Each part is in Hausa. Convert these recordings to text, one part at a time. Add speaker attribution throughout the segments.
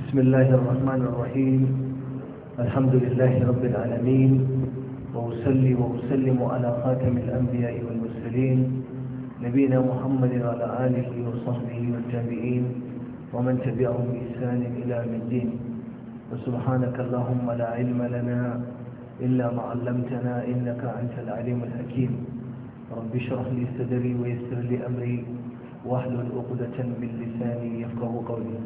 Speaker 1: بسم الله الرحمن الرحيم الحمد لله رب العالمين وأسلي وأسلم على خاتم الأنبياء والمرسلين نبينا محمد وعلى آله وصحبه والجامعين ومن تبعهم بإحسان إلى الدين وسبحانك اللهم لا علم لنا إلا ما علمتنا إنك أنت العليم الحكيم رب اشرح لي صدري ويسر لي أمري واحلل عقدة من لساني يفقه قولي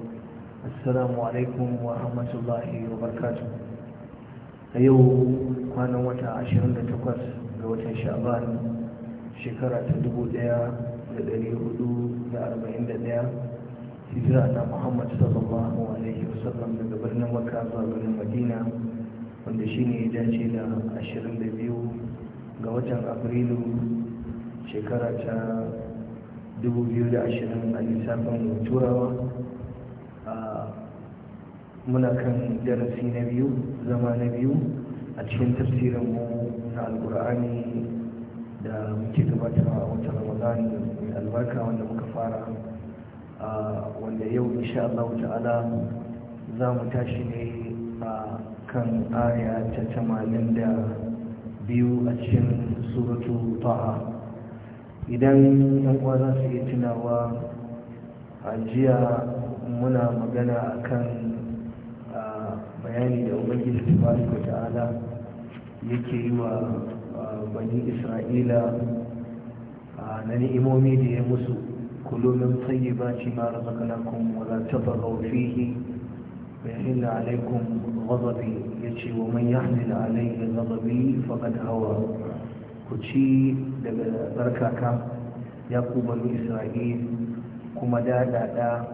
Speaker 1: Assalamu alaikum wa rahmatullahi wa barkatu. A yau kwanan wata 28 ga watan sha'ban shekara ta 1441 hijira ta muhammad sallallahu alaihi wasallam daga birnin makka zuwa birnin madina wanda shine ya dace da 22 ga watan afrilu shekara ta 2020 a lissafin turawa muna kan darasi na biyu zama na biyu a cikin tafsirin mu na alkur'ani da muke gabatarwa a wata ramadan mai albarka wanda muka fara wanda yau insha Allah ta'ala za mu tashi ne a kan aya ta tamanin da biyu a cikin suratu ta'a idan yan uwa za su iya tunawa a jiya muna magana a akan bayani da ubangiji tabarik wa ta'ala yake yi wa bani isra'ila na ni'imomi da ya musu kullu min tayyibati ma razaqnakum wa la tabghaw fihi wa yahilla alaykum ghadabi yace wa man yahmil alayhi ghadabi faqad hawa ku ci daga barkaka ya ku bani kuma da da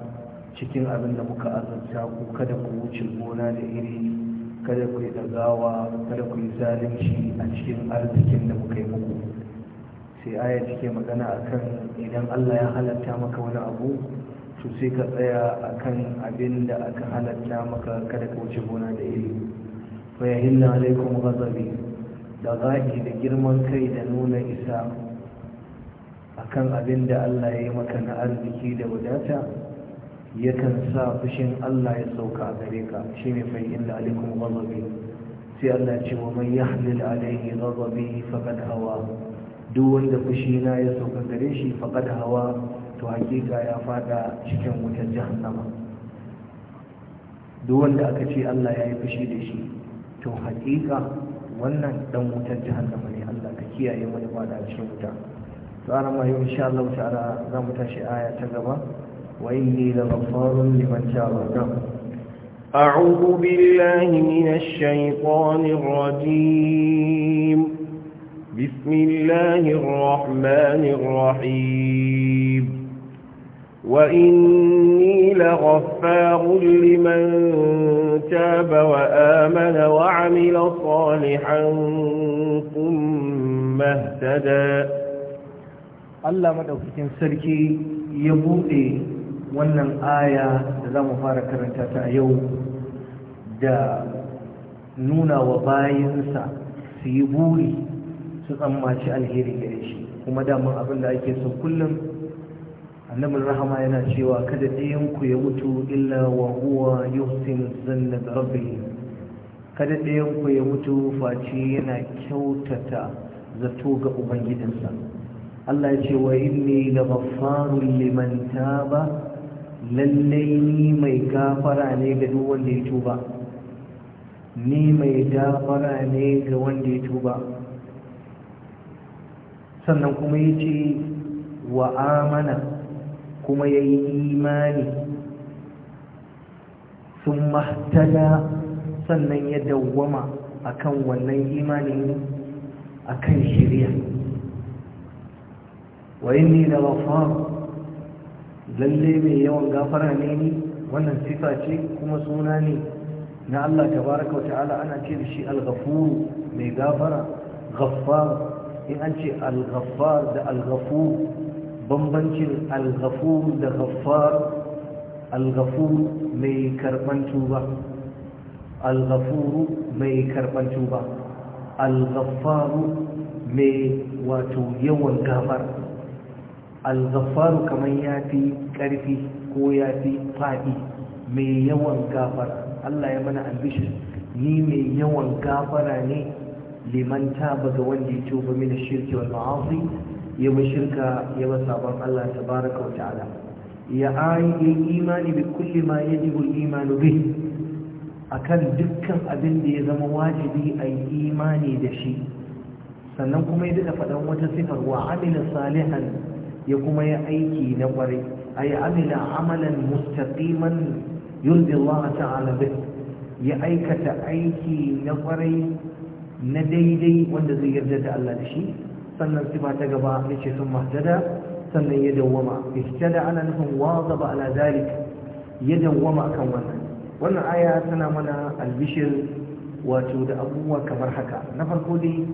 Speaker 1: cikin abin da muka azanta ku kada ku wuce gona da iri kada ku yi dagawa kada ku yi zalunci a cikin arzikin da muka yi muku sai aya take magana akan idan Allah ya halatta maka wani abu to sai ka tsaya akan abin da aka halatta maka kada ka wuce gona da iri fa na alaikum gazabi da zaki da girman kai da nuna isa akan abin da Allah ya yi maka na arziki da wadata yakan sa fushin Allah ya sauka a gare ka shine fa inna alaikum ghadabi sai Allah ya ce wa man yahlil alaihi ghadabi faqad hawa duk wanda fushi na ya sauka gare shi faqad hawa to hakika ya fada cikin wutar jahannama duk wanda aka ce Allah ya yi fushi da shi to hakika wannan dan wutar jahannama ne Allah ka kiyaye mana ba da cikin wuta to ana ma yau insha Allah ta'ala za mu tashi aya ta gaba وإني لغفار لمن
Speaker 2: تاب نعم. أعوذ بالله من الشيطان الرجيم بسم الله الرحمن الرحيم وإني لغفار لمن تاب وآمن وعمل صالحا ثم اهتدى الله مدعوك تنسلكي يبوئي wannan aya da za mu
Speaker 1: fara karanta ta a yau da nuna wa bayansa su yi buri su tsammaci alheri gare shi kuma damar abin da ake so kullum annabin rahama yana cewa kada ɗayanku ya mutu illa wa huwa yuhsin zanna da rabbi kada ɗayanku ya mutu face yana kyautata zato ga ubangijinsa Allah ya ce wa inni la ghaffarun liman taba lallai ni mai gafara ne ga duk wanda ya tuba ni mai gafara ne ga wanda ya tuba sannan kuma ya ce wa amana kuma ya yi imani sun mahtada sannan ya dawwama akan wannan imanin akan shirya wa ne da wafaru lalle mai yawan gafara ne ni wannan sifa ce kuma suna ne na Allah tabaraka wa ta'ala ana ce da shi al-ghafur mai gafara ghaffar in an ce al-ghaffar da al-ghafur bambancin al-ghafur da ghaffar al-ghafur mai karban tuba al-ghafur mai karban tuba al-ghaffar mai wato yawan gafara al kamar ya fi ƙarfi ko ya fi faɗi mai yawan gafara Allah ya mana ambition ni mai yawan gafara ne liman taba ga wanda ya tuba min shirki wal ma'asi ya bi shirka ya sabon Allah tabaraka wa ta'ala ya ayi imani bi kulli ma yajibu al-imanu bihi akan dukkan abin da ya zama wajibi a yi imani da shi sannan kuma ya daɗa faɗan wata sifar wa amina salihan ya kuma yi aiki na A ay amina amalan mustaqiman yurdi Allah ta'ala bih ya aikata aiki na kwarai na daidai wanda zai yarda da Allah da shi sannan sifa ta gaba yace sun mahdada sannan ya dawwama ihtada ala nahum wadaba ala zalik ya dawwama akan wannan wannan aya tana mana albishir wato da abubuwa kamar haka na farko dai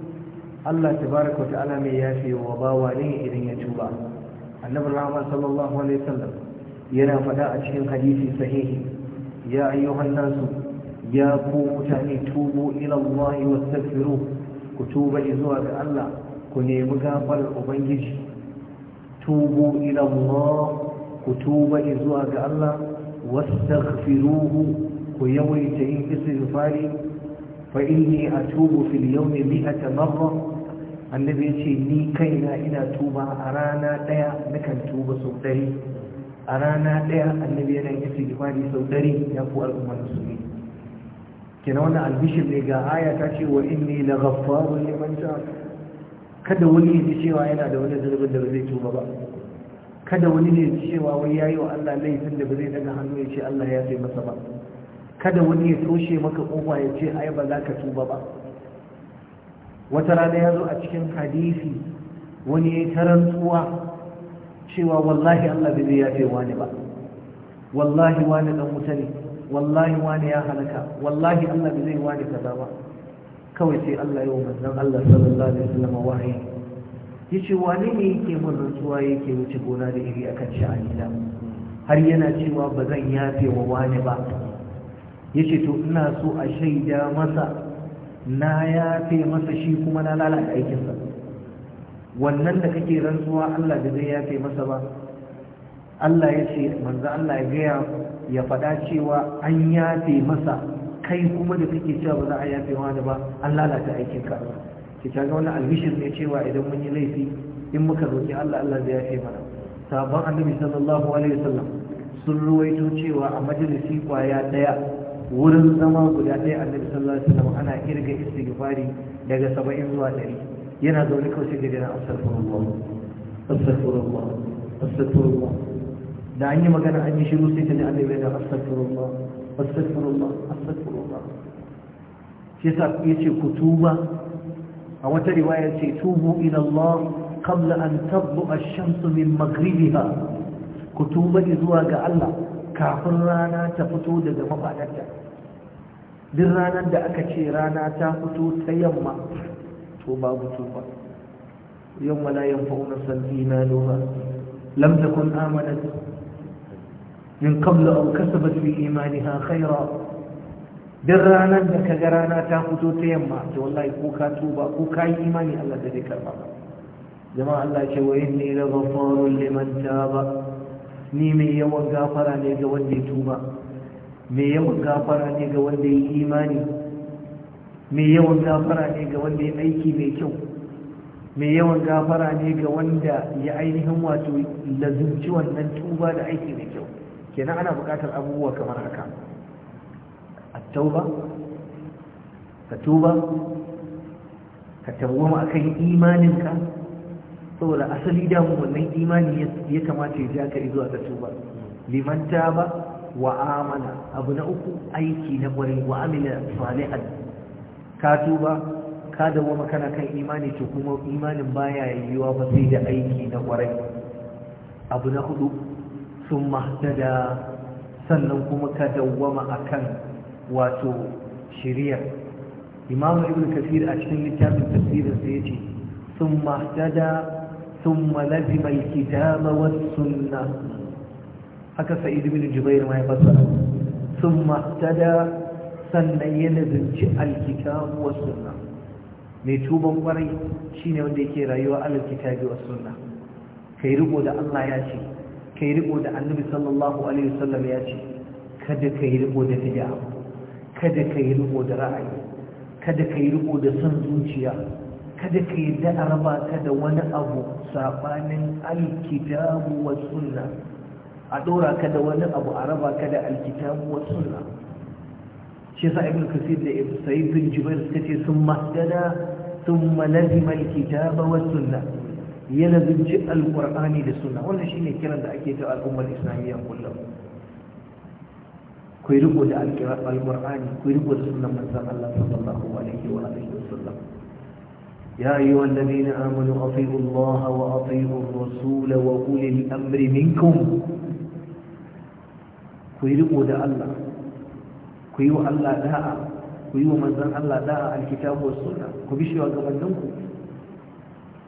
Speaker 1: Allah tabaraka wa ta'ala mai yafe wa bawa ne idan ya tuba annabi rahama sallallahu alaihi wasallam yana faɗa a cikin hadisi sahihi ya ayyuhan nasu ya ku mutane tubu ila Allah wastaghfiru ku tuba zuwa ga Allah ku nemi gafar ubangiji tubu ila Allah ku tuba zuwa ga Allah wastaghfiruhu ku yawaita yin istighfari fa inni atubu fil yawmi 100 marra annabi ce ni kaina ina tuba a rana ɗaya nakan tuba sau ɗari a rana ɗaya annabi yana yin jifani sau ɗari ya ku al'ummar musulmi kina wannan albishir ne ga aya ta ce wa inni la ghaffarun liman kada wani ya ji cewa yana da wani zurbin da ba zai tuba ba kada wani ne ya ji cewa wai yayi wa Allah laifin da ba zai daga hannu ya ce Allah ya sai masa ba kada wani ya toshe maka kofa ya ce ai ba za ka tuba ba wata rana ya zo a cikin hadisi wani ya yi tarantsuwa cewa wallahi Allah bai zai yafe wani ba wallahi wani dan wuta ne wallahi wani ya halaka wallahi Allah bai zai wani kaza ba kawai sai Allah yi yau manzon Allah sallallahu alaihi wasallam wahayi ce wani ne yake mun rantsuwa yake wuce gona da iri akan sha'ani da har yana cewa ba zan yafe wa wani ba Ya ce to ina so a shaida masa na yafe masa shi kuma na lalata aikinsa wannan da kake rantsuwa Allah da zai yafe masa ba Allah ya ce manzo Allah ya gaya ya faɗa cewa an yafe masa kai kuma da kake cewa ba za a yafe wani ba an lalata aikinka ki ta ga wannan albishir ne cewa idan mun yi laifi in muka roki Allah Allah zai yafe mana sabon annabi sallallahu alaihi wasallam sun ruwaito cewa a majalisi kwaya daya wurin zama guda ɗaya annabi sallallahu alaihi wasallam ana kirga istighfari daga saba'in zuwa ɗari yana zaune kawai sai gari na astaghfirullah astaghfirullah astaghfirullah da an yi magana an yi shiru sai ta ji annabi yana astaghfirullah astaghfirullah astaghfirullah shi ya ce ku tuba a wata riwaya ce tubu ila Allah qabla an tadlu ash-shamsu min maghribiha ku tuba zuwa ga Allah kafin rana ta fito daga mafadarta duk ranar da aka ce rana ta fito ta yamma to babu tufa yamma la yanfa'una sallina laha lam takun amanat min qablu aw kasabat fi imaniha khaira duk ranar da kaga rana ta fito ta yamma to wallahi ko ka tuba ko ka yi imani Allah da dai karba jama'a Allah ce wa inni laghafurun liman taba ni mai yawan gafara ne ga wanda ya tuba mai yawan gafara ne ga wanda ya yi imani mai yawan gafara ne ga wanda ya aiki mai kyau mai yawan gafara ne ga wanda ya ainihin wato lazumci wannan tuba da aiki mai kyau kenan ana buƙatar abubuwa kamar haka a ka tuba ka tawwama akan imaninka saboda asali damu wannan imani ya kamata ya ja ka zuwa ga tuba liman taba wa amana abu na uku aiki na kwarai wa Amina salihan ka tuba ka dawoma kana kan imani to kuma imanin baya yiwuwa ba sai da aiki na kwarai abu na hudu sun mahtada sannan kuma ka dawwama akan wato shiriyar imamu ibn kafir a cikin littafin tafsirin sai ce sun mahtada ثم لزم الكتاب والسنة هكا سعيد بن جبير ما يفسر ثم اهتدى سنة يلزم الكتاب والسنة ميتوبا وري شين ودي كي رايوا على الكتاب والسنة كي رقو دا الله ياشي كي رقو دا النبي صلى الله عليه وسلم ياشي كده كي رقو دا تجاه كده كي رقو دا رأي كده كي رقو دا سنزوشيا kada ka yadda a raba ka da wani abu sabanin alkitabu wa suna, a ɗora ka da wani abu a raba ka da alkitabu wa suna. shi sa ibn kasir da ibn sa'id bin jubair suka ce sun mahdada sun malazima alkitaba wa suna, ya lazimci Alƙur'ani da suna. wannan shine kiran da ake ta al'ummar islamiyya kullum ku yi riko da alqur'ani ku yi riko da sunnan manzon Allah sallallahu alaihi wa alihi يا أيها الذين آمنوا أطيعوا الله وأطيعوا الرسول وأولي الأمر منكم كيرقوا دا الله كيو الله داء كيو منزل الله داء الكتاب والسنة كبشوا قبلنكم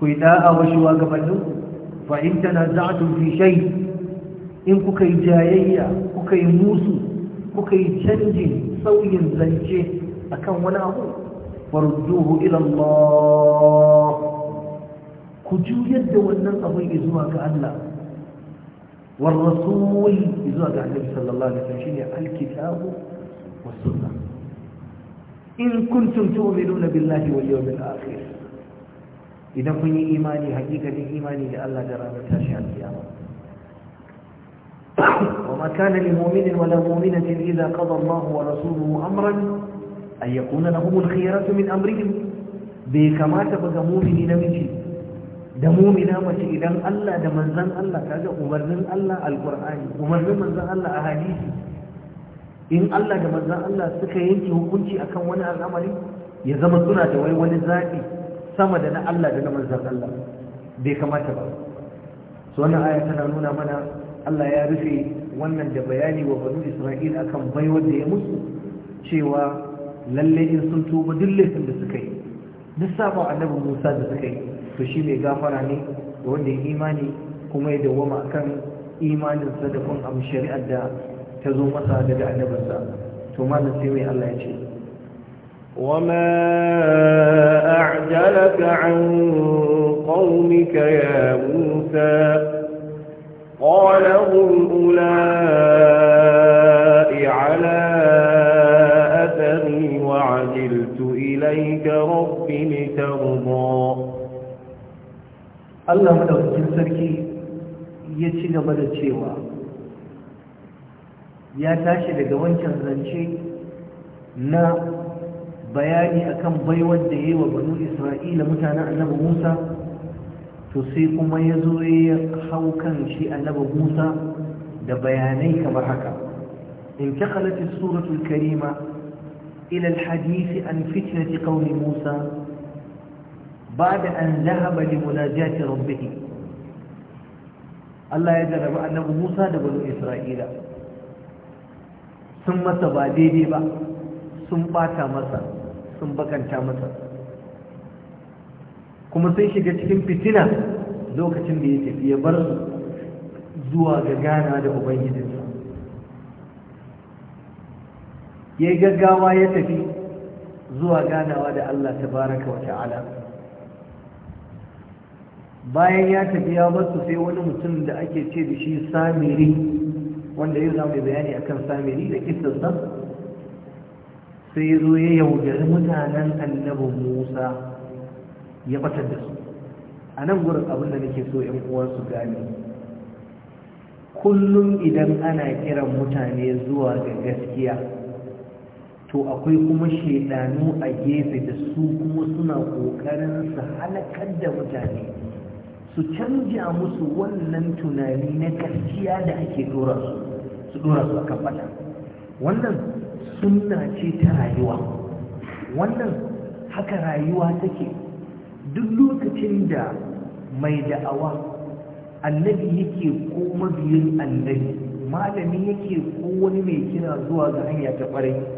Speaker 1: كي داء وشوا قبلنكم فإن تنازعتم في شيء إن كي جايية كي موسو كي تنجي سوي زنجي أكون أقول فردوه إلى الله كجو يد ونن أبي إزواك ألا والرسول إزواك النبي صلى الله عليه وسلم الكتاب والسنة إن كنتم تؤمنون بالله واليوم الآخر إذا كنت إيماني حقيقة إيماني لألا جرامة تشعر القيامة وما كان لمؤمن ولا مؤمنة إذا قضى الله ورسوله أمرا an yakuna lahum al-khiyaratu min amrihim bai kamata ba ga mumini namiji da mumina mace idan Allah da manzan Allah kaga umarnin Allah alqur'ani umarnin manzan Allah a hadisi in Allah da manzan Allah suka yanke hukunci akan wani al'amari ya zama suna da wai wani zaɓi sama da na Allah da na manzan Allah bai kamata ba su wannan aya tana nuna mana Allah ya rufe wannan da bayani wa banu Isma'il akan baiwar da ya musu cewa lalle in sun tuba duk laifin da suka yi duk sabon annabi musa da suka yi to shi mai gafara ne da wanda ya imani kuma ya dawwama akan imanin sadakun abu shari'ar da ta zo masa daga annabinsa to malam sai mai Allah ya ce
Speaker 2: وما أعجلك عن قومك يا موسى قال هم أولئك إليك رب
Speaker 1: Sarki ya ci gaba da cewa ya tashi daga لقوان zance na bayani akan baiwar da yayi wa banu Isra'ila mutanen Annabi Musa to sai kuma ya zo ya hau kan shi Annabi Musa da bayanai kamar haka in ki as-suratu karima إلى الحديث عن فتنة قول موسى بعد أن ذهب لمناجاة ربه الله يجرب أنه موسى لبنو إسرائيل ثم تباديدي با ثم باتا مسا ثم بكانتا مسا kuma sai shiga cikin fitina lokacin da ya tafi ya bar zuwa ga gana da ubangiji ya gaggawa ya tafi zuwa ganawa da Allah tabaraka wa ta'ala bayan ya tafi ya basu sai wani mutum da ake ce da shi samiri wanda yau zamu bayani akan samiri da kistarsa sai zo ya yaudari mutanen annabi musa ya batar da su a nan gurin abin da nake so yan uwa su gane kullum idan ana kiran mutane zuwa ga gaskiya to akwai kuma shaidanu a gefe da su kuma suna kokarin su halakar da mutane su canja musu wannan tunani na gaskiya da ake dora su su dora su akan bata wannan sunna ce ta rayuwa wannan haka rayuwa take duk lokacin da mai da'awa annabi yake ko mabiyin annabi malami yake ko wani mai kira zuwa ga hanya ta ƙwarai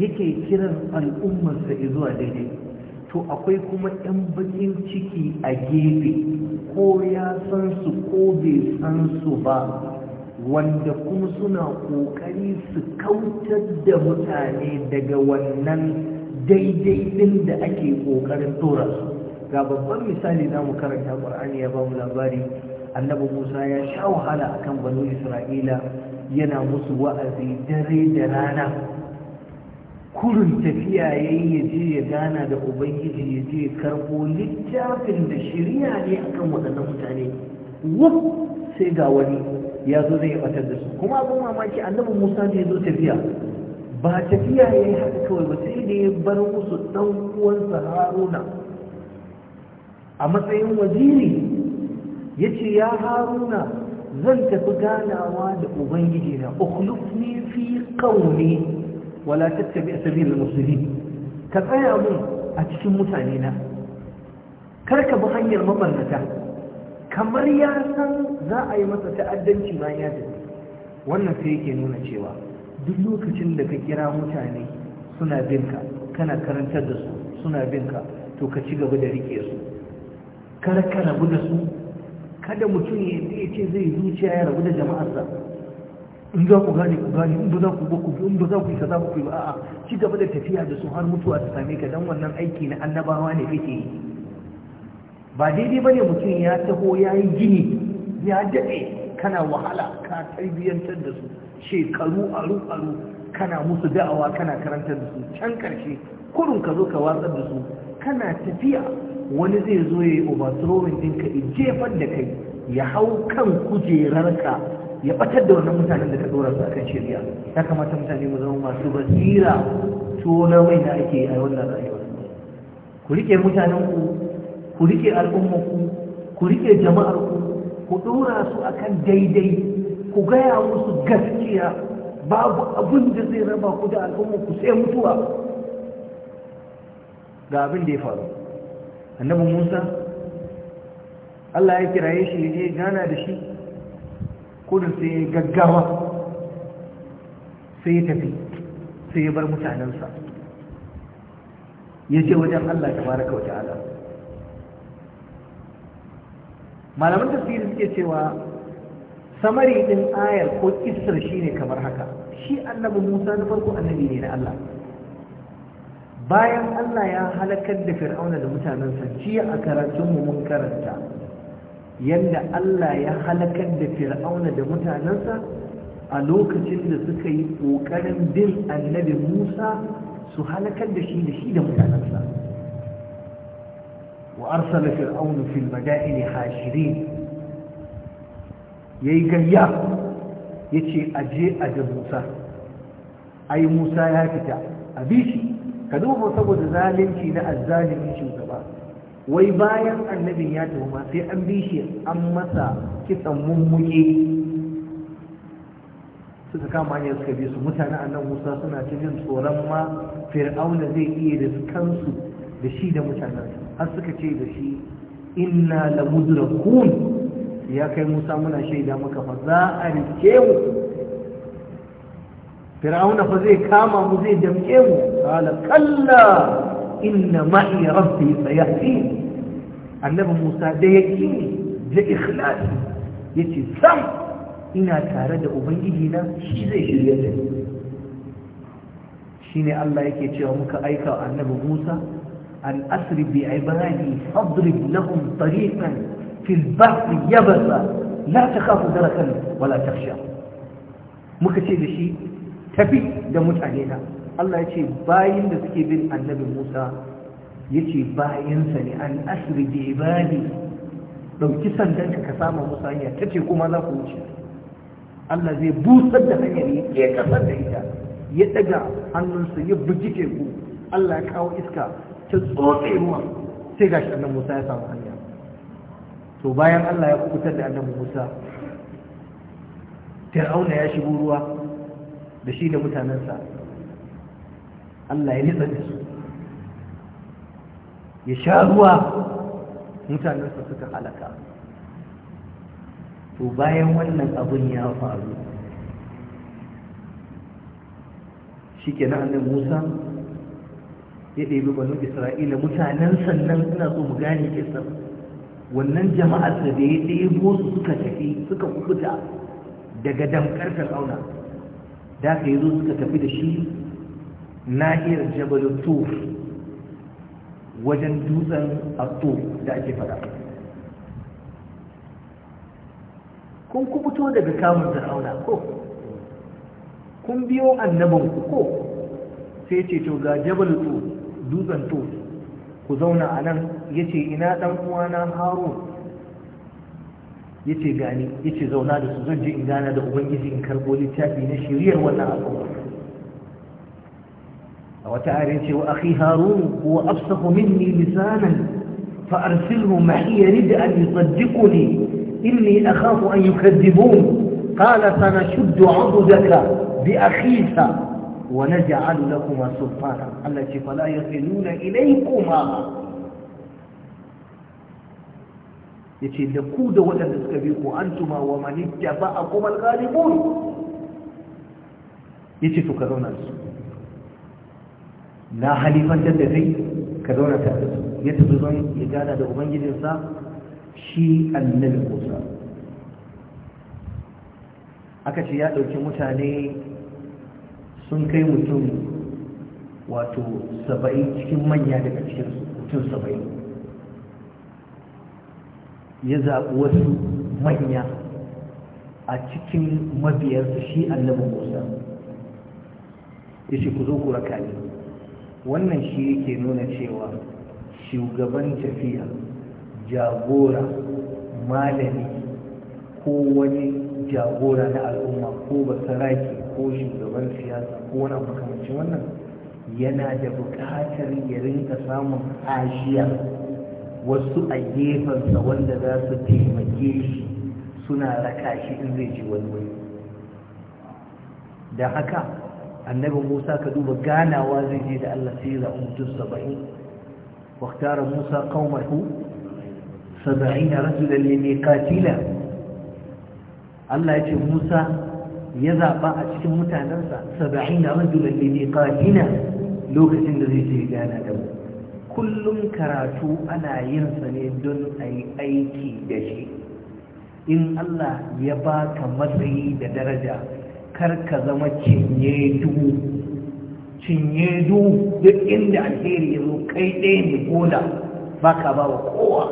Speaker 1: yake kiran al'ummarsa zuwa daidai to akwai kuma 'yan bakin ciki a gefe ko ya san su ko bai san su ba wanda kuma suna kokari su kautar da mutane daga wannan daidai din da ake kokarin dora su ga babban misali za mu karanta ƙwar'ani ya ba mu labari annabi musa ya sha wahala akan banu isra'ila yana musu wa'azi dare da rana kurin tafiya ya yi ya je ya gana da ubangiji ya je ya karbo littafin da shirya ne akan waɗannan mutane wuf sai ga wani ya zo zai batar da su kuma abin mamaki annabi musa ne ya zo tafiya ba tafiya ya yi haka kawai ba sai da ya bar musu ɗan uwansa haruna a matsayin waziri ya ce ya haruna zan tafi ganawa da ubangiji na ukhlufni fi qaumi wala tattabi sabilal musulmin. ka tsaya mun a cikin mutane na kar ka bi hanyar mabarnata kamar ya san za a yi masa ta'addanci bayan ya tafi wannan sai yake nuna cewa duk lokacin da ka kira mutane suna bin ka, kana karantar da su suna bin ka, to ka ci gaba da rike su kar ka rabu da su kada mutum ya ce zai zuciya ya rabu da jama'arsa in za ku gane ku gane in ba za ku ku in ba za ku yi za ku yi a'a ci gaba da tafiya da su har mutuwa ta same ka dan wannan aiki na annabawa ne kake yi ba daidai bane mutum ya taho ya yi gini ya daɗe kana wahala ka tarbiyyantar da su shekaru aru aru kana musu da'awa kana karantar da su can karshe kurun ka zo ka watsar da su kana tafiya wani zai zo ya yi overthrowing ɗinka jefar da kai ya hau kan kujerarka ya batar da wannan mutanen da ka dora su akan shirya ya kamata mutane mu zama masu basira tuwo na mai da ake yi a wannan rayuwa ku rike mutanen ku ku rike al'umma ku ku rike jama'ar ku ku dora su akan daidai ku gaya musu gaskiya babu abin da zai raba ku da al'umma ku sai mutuwa ga abin da ya faru annabi Musa Allah ya kiraye shi ya je gana da shi kudin sai ya gaggawa sai ya tafi sai ya bar mutanensa ya ce wajen Allah ta fara wata ala malaman tafiye suke cewa samari din ayar ko shi shine kamar haka shi annabi Musa na farko annabi ne na Allah bayan Allah ya halakar da fir'auna da mutanensa jiya a karatunmu mun karanta yadda Allah ya halakar da fir'auna da mutanensa a lokacin da suka yi ƙoƙarin bin annabi Musa su halakar da shi da shi da mutanensa wa arsala fir'aunu fil madaini hashirin yayi gayya yace aje a da Musa ai Musa ya fita a bi ka duba saboda zalunci na azzalimin shugaba wai bayan annabin ya tafi ma sai an bi shi an masa kitsan mummuke suka kama ne suka bi su mutane a nan musa suna cikin tsoron ma fir'auna zai iya kansu da shi da mutanen har suka ce da shi inna la mudrakun ya kai musa muna shaida maka fa za a rike mu fir'auna fa zai kama mu zai damke mu kala kalla inna ma'i rabbi sayahdin annabi Musa da yake da ikhlasi yace sam ina tare da ubangiji na shi zai shirye da ni shine Allah yake cewa muka aika annabi Musa an asri bi ibadi fadrib lahum tariqan fil bahri yabasa la takhafu darakan wala takhsha muka ce da shi tafi da mutane na Allah ya ce bayin da suke bin annabi Musa ya ce bayinsa ne an asiri da ibadi ɗauki sandan ka sama musa hanya ta ce kuma za ku wuce Allah zai busar da hanyar ya kasar da ita ya ɗaga hannunsa ya bugi teku Allah ya kawo iska ta tsotse ruwa sai gashi annan musa ya samu hanya to bayan Allah ya kubutar da Annabi musa fir'auna ya shigo ruwa da shi da mutanensa Allah ya nitsa da su ya sha ruwa mutanensa suka halaka to bayan wannan abin ya faru shi ke na musa ya ɗebi banu isra'ila mutanen sannan suna so mu gane kisan wannan jama'ar da ya ɗebo su suka tafi suka kuɓuta daga damkar auna? da ka yi zo suka tafi da shi na'ir jabal tur wajen dutsen atur da ake fada kun kubuto daga kamun fir'auna ko kun biyo annabanku ko sai ce to ga jabal tur dutsen tur ku zauna a nan ya ce ina ɗan uwana harun ya ce gani ya ce zauna da su zan je in gana da ubangiji in karɓo littafi na shiriyar wannan al'umma وتعالى وأخي هارون هو أبصق مني لسانا فأرسله معي رد أن يصدقني إني أخاف أن يكذبون قال سنشد عضدك بأخيك ونجعل لكما سلطانا التي فلا يصلون إليكما yace da ku da أنتما ومن اتبعكم الغالبون an tuma السلطان na halifantar da kai ka zauna ta ya tafi zuwa ya gana da ubangijinsa shi annabi musa aka ce ya ɗauki mutane sun kai mutum wato saba'in cikin manya daga cikin mutum saba'in ya zaɓi wasu manya a cikin mabiyarsa shi annabi musa ya ce ku zo ku raka ne wannan shi yake nuna cewa shugaban tafiya jagora malami ko wani jagora na al'umma ko basaraki ko shugaban siyasa ko wani makamancin wannan yana da buƙatar ya rinka samun ashiya wasu a gefensa wanda za su taimake shi suna raka shi in zai ji wani wani da haka annabi Musa ka duba ganawa zai je da Allah sai ya mutum saba'in واختار موسى قومه سبعين رجلا لميقاتنا Allah ya ce Musa ya zaɓa a cikin mutanensa saba'in da rajulan limiqatina lokacin da zai ce gana da mu kullum karatu ana yin sa ne don a yi aiki da shi in Allah ya ba ka matsayi da daraja kar ka zama cinye duhu cinye duhu duk inda alheri ya zo kai ɗaya ne gola ba ka ba wa kowa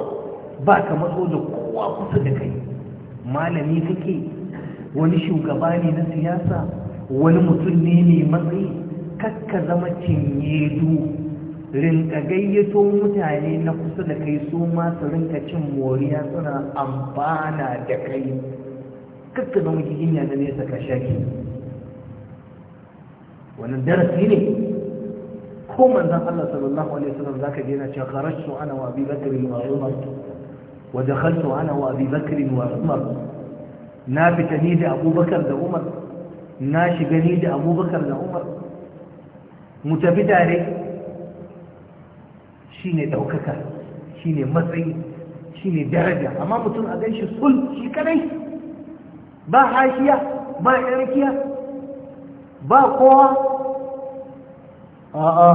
Speaker 1: ba ka matso da kowa kusa da kai malami kake wani shugaba ne na siyasa wani mutum ne mai matsayi kakka zama cinye duhu rinka gayyato mutane na kusa da kai su masu rinka cin moriya suna amfana da kai kakka ba mu giginya na nesa ka shaki wannan darasi ne ko manzon Allah sallallahu alaihi wasallam zaka je na cewa kharajtu ana wa Abi Bakr wa Umar wa dakhaltu ana wa Abi Bakr wa Umar na fita ni da Abubakar da Umar na shiga ni da Abubakar da Umar mu tafi tare shine daukaka shine matsayi shine daraja amma mutum a shi sul shi kadai ba hashiya ba yarkiya ba kowa a'a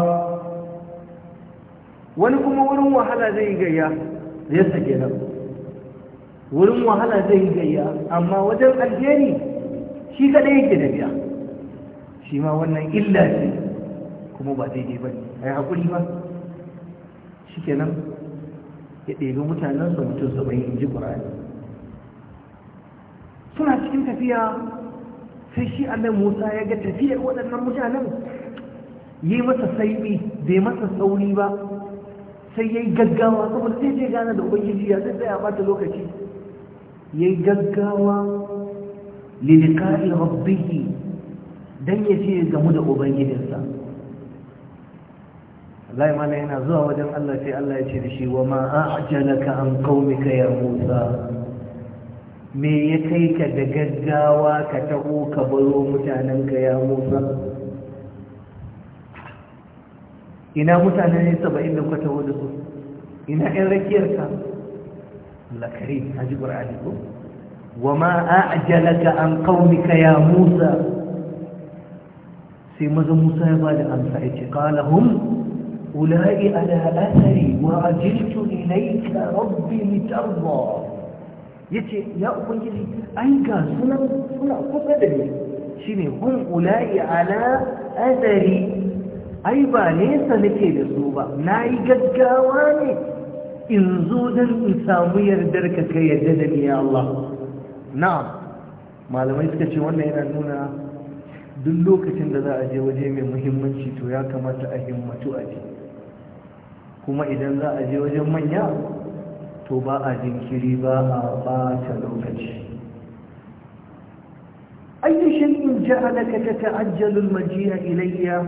Speaker 1: wani kuma wurin wahala zai gayya zai sake nan wurin wahala zai gayya amma wajen aljeri shi kada yake da biya shi ma wannan illa ce kuma ba daidai ba ai hakuri ba shikenan ya ɗebi su mutum saba'in in ji ƙura'ani suna cikin tafiya sai shi annan musa ya ga tafiyar waɗannan mutanen yi masa saibi bai masa sauri ba sai ya yi gaggawa saboda sai je gane da ubangiji ya zai tsaya bata lokaci ya yi gaggawa lilika'i rabbihi don ya ce gamu da ubangijinsa Allah mana yana zuwa wajen Allah sai Allah ya ce da shi wa ma a'jalaka an qaumika ya Musa me ya kai ka da gaggawa ka taho ka baro mutanen ka ya musa ina mutanen ne saba'in da ka taho su ina yan rakiyar ka lakari haji ƙwararri ko wa ma a ga an ka ya musa sai maza musa ya ba da amsa ya ce qalahum أولئك على أثري وعجلت إليك ربي لترضى ce ya ubangiji ai ga sunan suna kusa da ni shine hum ulai ala adari ai ba nesa nake da su ba nayi gaggawa ne in zo dan in samu yardar ka kai yadda da ni ya Allah na'am malamai suka ce wannan yana nuna duk lokacin da za a je waje mai muhimmanci to ya kamata a himmatu a je kuma idan za a je wajen manya to ba a jinkiri ba a lokaci أي شيء جعلك تتعجل المجيء إلي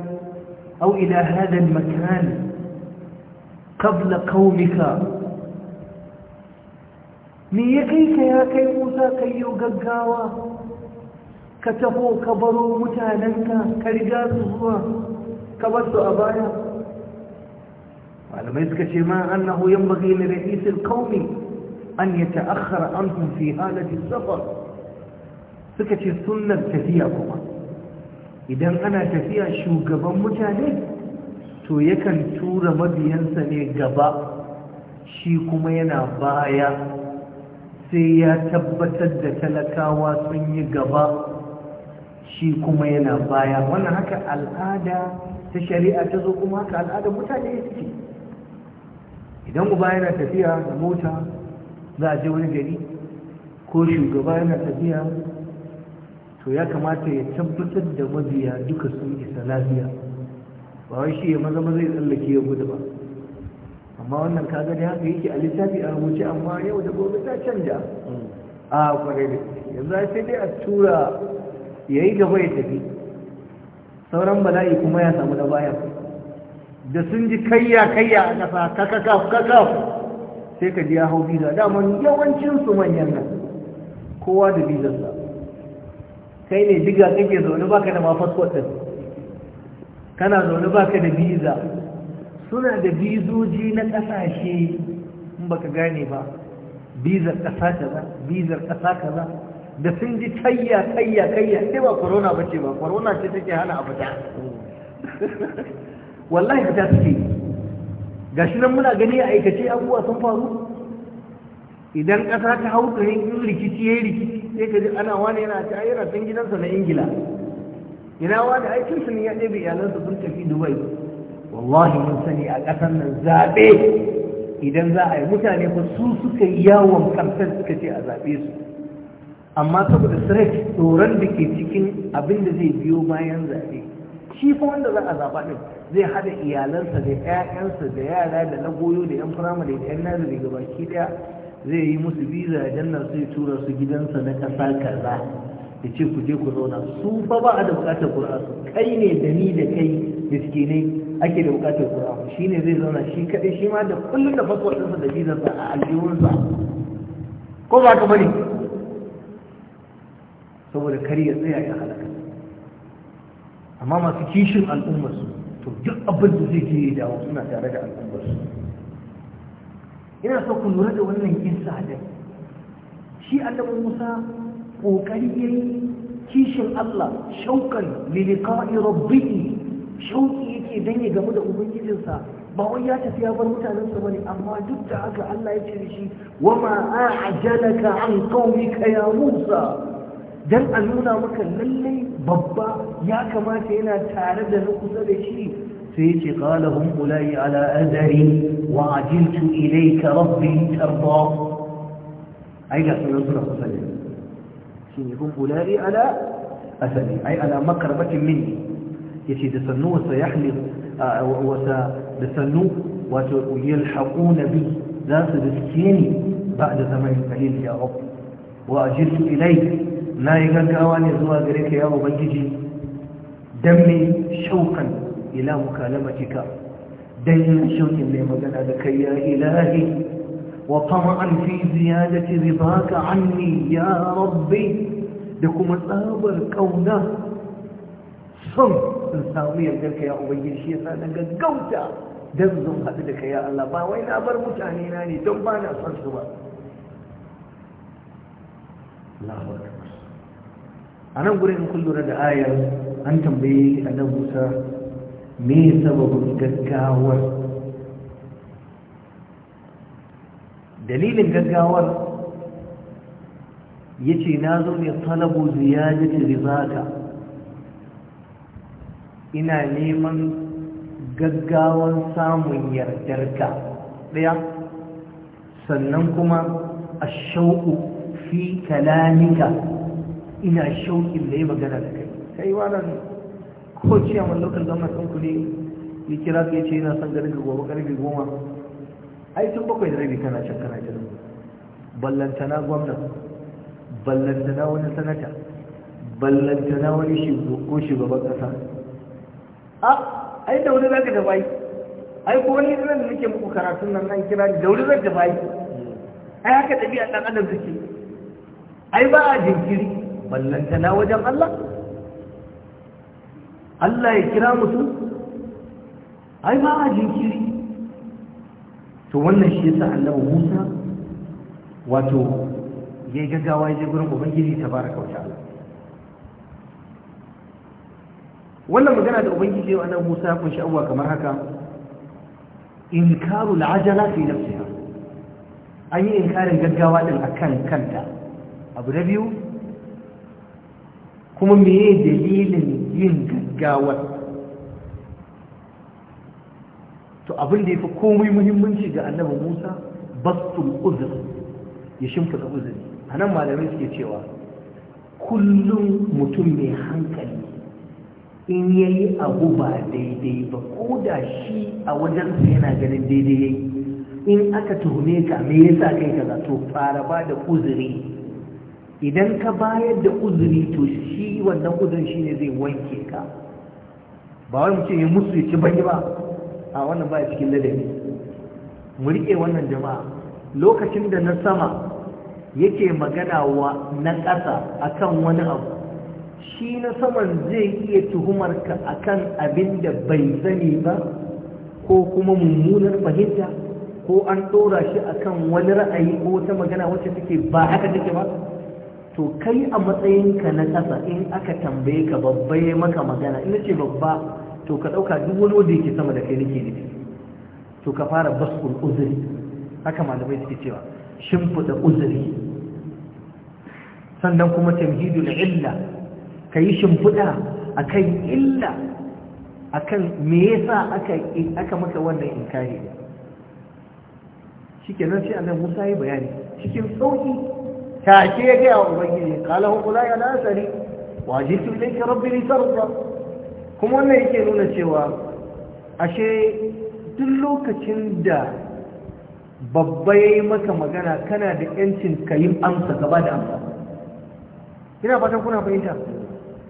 Speaker 1: أو إلى هذا المكان قبل قومك ميكيك يا كي موسى كي يقاوى كتفو كبروا متاننك كرجال الزوى كبرت أبايا malamai suka ce ma annahu yanbaghi li ra'is al-qaumi an yata'akhkhara anhum fi halati safar suka ce sunnar tafiya kuma idan ana tafiya shugaban mutane to yakan tura mabiyansa ne gaba shi kuma yana baya sai ya tabbatar da talakawa sun yi gaba shi kuma yana baya wannan haka al'ada ta shari'a ta zo kuma haka al'ada mutane suke idan uba yana tafiya da mota za a je wani gari ko shugaba yana tafiya to ya kamata ya tabbatar da mabiya duka sun isa lafiya ba wai shi ya maza maza ya tsallake ya gudu ba amma wannan kaga da haka yake a littafi a rubuce amma yau da gobe ta canja mm. a kwarai da yanzu sai dai a tura ya yi gaba ya tafi sauran bala'i kuma ya samu na baya da sun ji kayya kayya a ƙasa kakakaf kakaf sai ka biya hau biza damar yawancin su manyan nan kowa da bizarsa kai ne diga kake zaune ka da ma fasfot ɗin kana zaune ba ka da biza suna da bizoji na ƙasashe in ka gane ba bizar ƙasa za bizar ƙasa kaza da sun ji kayya kayya kayya sai ba corona ce ba corona ce take hana abu ta? wallahi fita suke gashi nan muna gani a aikace abubuwa sun faru idan ƙasa ta hau ta yin rikici ya yi rikici sai ka ji ana wani yana ta yi rasin gidansa na ingila ina wani aikin sun ya ɗebe iyalansa sun tafi dubai wallahi mun sani a ƙasar nan zaɓe idan za a yi mutane ba su suka yi yawon kamfen suka ce a zaɓe su amma saboda stress tsoron da ke cikin abin da zai biyo bayan zaɓe shi fa wanda za a zaɓa ɗin zai haɗa iyalansa da 'ya'yansa da yara da na goyo da 'yan firamare da 'yan nazari ga baki ɗaya zai yi musu biza a jannar sai tura su gidansa na kasa kaza ya ce ku je ku zauna su fa ba a da buƙatar ƙura'a su kai ne da ni da kai da ne ake da buƙatar ƙura'a shi ne zai zauna shi kaɗai shi ma da kullum da fasfo ɗinsa da bizarsa a aljihunsa ko ba ka bane saboda kar ya tsaya ya halakar amma masu kishin al'ummarsu to duk abin da zai je dawo suna tare da al'ummarsu ina so ku lura da wannan yin din shi annabi Musa kokari yayi kishin Allah shaukan liliqa'i rabbihi shauki yake dan ya gamu da ubangijinsa ba wai ya tafi ya bar mutanen sa bane amma duk da haka Allah ya ce shi wama a'jalaka an qaumika ya Musa dan a nuna maka lallai babba ya kamata yana tare da na kusa da shi sai ya ce qalahum ulai ala adari wa ajiltu ilayka rabbi tarda ai ga sunan sura kusa ne shi ne hum ulai ala asali ai ala makarbatin minni yace da sannu wasa sayahli wa wasa da sannu wato yalhaquna bi za su riske ni ba da zaman kalil ya rabbi wa ajiltu ilayka na yi gaggawa ne zuwa gare ka ya ubangiji don me shaukan ila mukalamatika don yin shaukin mai magana da kai ya ilahi wa tama'an fi ziyadati ribaka anni ya rabbi da kuma tsabar kauna son sun samu yardar ka ya ubangiji shi yasa na gaggauta don zan haɗu da ka ya Allah ba wai na bar mutane na ne don ba na son su ba Allah a nan gurin kun da ayar an tambaye a nan musa me sababin gaggawar dalilin gaggawar ya ce na zo ne talabu ziyadin rizaka ina neman gaggawan samun yardarka ɗaya sannan kuma a shauku fi kalanika ina shauƙin da ya magana da kai kai wannan ko ciya wani lokal zaman ɗin ne ya kira ka ce yana son garin gobe karfe goma ai tun bakwai da rabi kana can kana jiran ballantana gwamna ballantana wani sanata ballantana wani shigo ko shugaban ƙasa a ai da wani za ka tafi ai ko wani nan da nake muku karatun nan nan kira da wani zan tafi ai haka ɗabi'a ɗan adam take ai ba a jinkiri ballantana wajen Allah Allah ya kira mutum ai ma a jinkiri to wannan shi yasa annabi Musa wato yayi gaggawa ya je gurin ubangiji ta tabaraka wataala wannan magana da ubangiji ya annabi Musa ya shi abuwa kamar haka In inkaru al'ajala fi nafsiha an yi inkarin gaggawa din akan kanta abu da biyu kuma meye dalilin yin gaggawa to abin da ya fi komai muhimmanci ga annabi musa bastul uzur ya shimfida uzuri a nan malamai suke cewa kullum mutum mai hankali in ya yi abu ba daidai ba ko da shi a wajensa yana ganin daidai in aka tuhume ka me yasa kai za to fara ba da uzuri idan ka bayar da uzuri to shi wannan uzurin shi ne zai wanke ka ba wani mutum ya musu ya ci bane ba a wannan ba cikin ladabi mu riƙe wannan jama'a lokacin da na sama yake magana wa na ƙasa akan wani abu shi na saman zai iya tuhumar ka akan abin da bai zane ba ko kuma mummunar fahimta ko an ɗora shi akan wani ra'ayi ko wata magana wacce take ba haka take ba to kai a matsayinka na ƙasa in aka tambaye ka babba ya maka magana in ce babba to ka ɗauka duk wani wanda yake sama da kai nake nufi to ka fara baskul uzuri haka malamai suke cewa shimfiɗa uzuri sannan kuma tamhidul illa ka yi shimfiɗa a kan illa a kan me yasa aka maka wannan inkari shi kenan sai annan musa ya bayani cikin sauƙi Tashi ya gaya wa ubangiji kala hukula ya nasari wajitu ilayka rabbi li tarda kuma wannan yake nuna cewa ashe duk lokacin da babba yi maka magana kana da yancin yi amsa gaba da amsa ina fatan kuna fahimta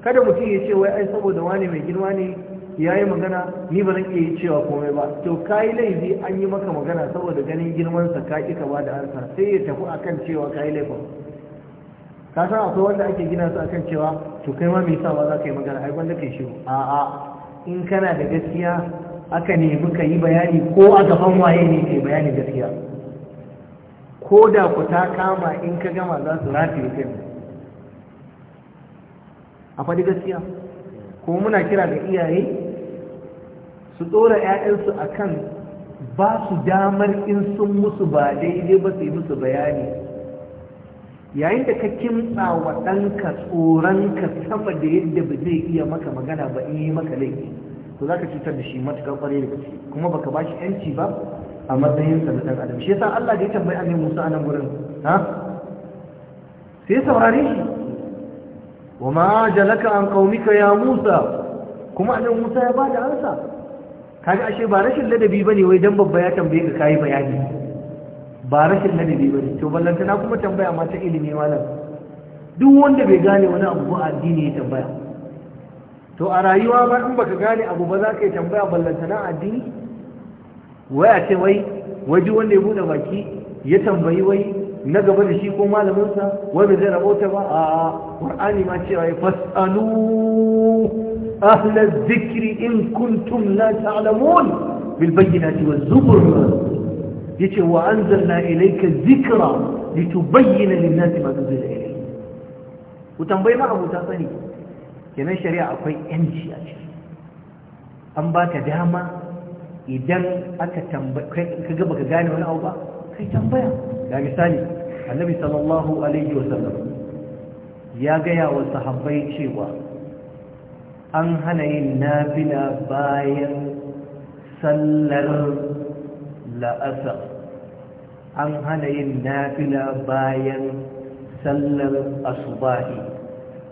Speaker 1: kada mutum ya ce wai ai saboda wani mai girma ne ya yi magana ni ba zan iya yi cewa komai ba to ka yi laifi an yi maka magana saboda ganin girmansa ka ƙi ka ba da ansa sai ya tafi akan cewa ka yi laifin ka san akwai wanda ake gina su akan cewa to kai ma me yasa ba za ka yi magana ai wanda shi a a'a in kana da gaskiya aka ne muka yi bayani ko a gaban waye ne ke bayani gaskiya ko da ku ta kama in ka gama za su rafi kai a faɗi gaskiya ko muna kira da iyaye su tsora 'ya'yansu akan ba su damar in sun musu ba daidai ba su yi musu bayani yayin da ka kimsa wa ɗanka tsoronka sama da yadda ba zai iya maka magana ba in yi maka laifi to za ka cutar da shi matuƙar ƙware da gaske kuma ba ka ba shi ‘yanci ba a matsayinsa na ɗan adam shi yasa Allah da ya tambayi annabi Musa a nan gurin ha sai ya saurare shi wa ma jalaka an qaumika ya Musa kuma annabi Musa ya bada ansa kaga ashe ba rashin ladabi bane wai dan babba ya tambaye ka kai bayani ba rashin ladabi ba ne to ballanta na kuma tambaya ma ta ilimi malam duk wanda bai gane wani abu ba addini ya tambaya to a rayuwa ba in baka gane abu ba za ka yi tambaya ballanta na addini wai ce wai waje wanda ya bude baki ya tambayi wai na gaba da shi ko malaminsa wai bai zai rabota ba a qur'ani ma cewa ya fasalu ahla zikri in kuntum la ta'lamun bil bayyinati waz zubur yace wa anzalna ilayka dhikra litubayyana lin-nasi ma tunzila ilayhi ku tambayi ma abu ta sani kenan shari'a akwai yanci a ciki an baka dama idan aka ka kaga baka gane wani abu ba kai tambaya ga misali annabi sallallahu alaihi wasallam ya gaya wa sahabbai cewa an hana yin nafila bayan sallar la'asar an hana yin nafila bayan sallar asubahi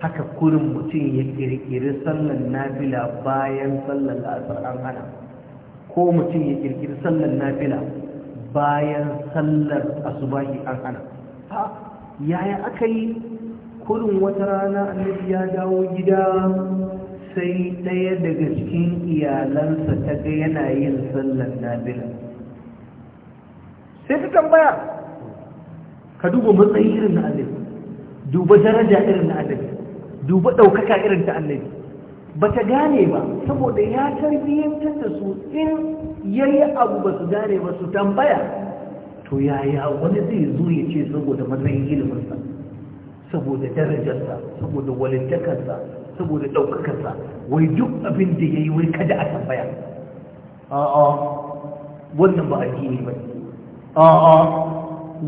Speaker 1: haka kurin mutum ya kirkiri sallar nafila bayan sallar la'asar an hana ko mutum ya kirkiri sallar nafila bayan sallar asubahi an hana ha yaya aka yi kurin wata rana annabi ya dawo gida sai ɗaya daga cikin iyalansa ta ga yana yin sallar nafila sai ta tambaya ka duba matsayi irin na annabi duba daraja irin na annabi duba ɗaukaka irin ta annabi ba ta gane ba saboda ya tarbiyyantar da su in yayi abu ba su gane ba su tambaya to yaya wani zai zo ya ce saboda matsayin ilimarsa saboda darajarsa saboda walintakarsa saboda ɗaukakarsa wai duk abin da ya yi wai kada a tambaya a'a wannan ba a ba ne a'a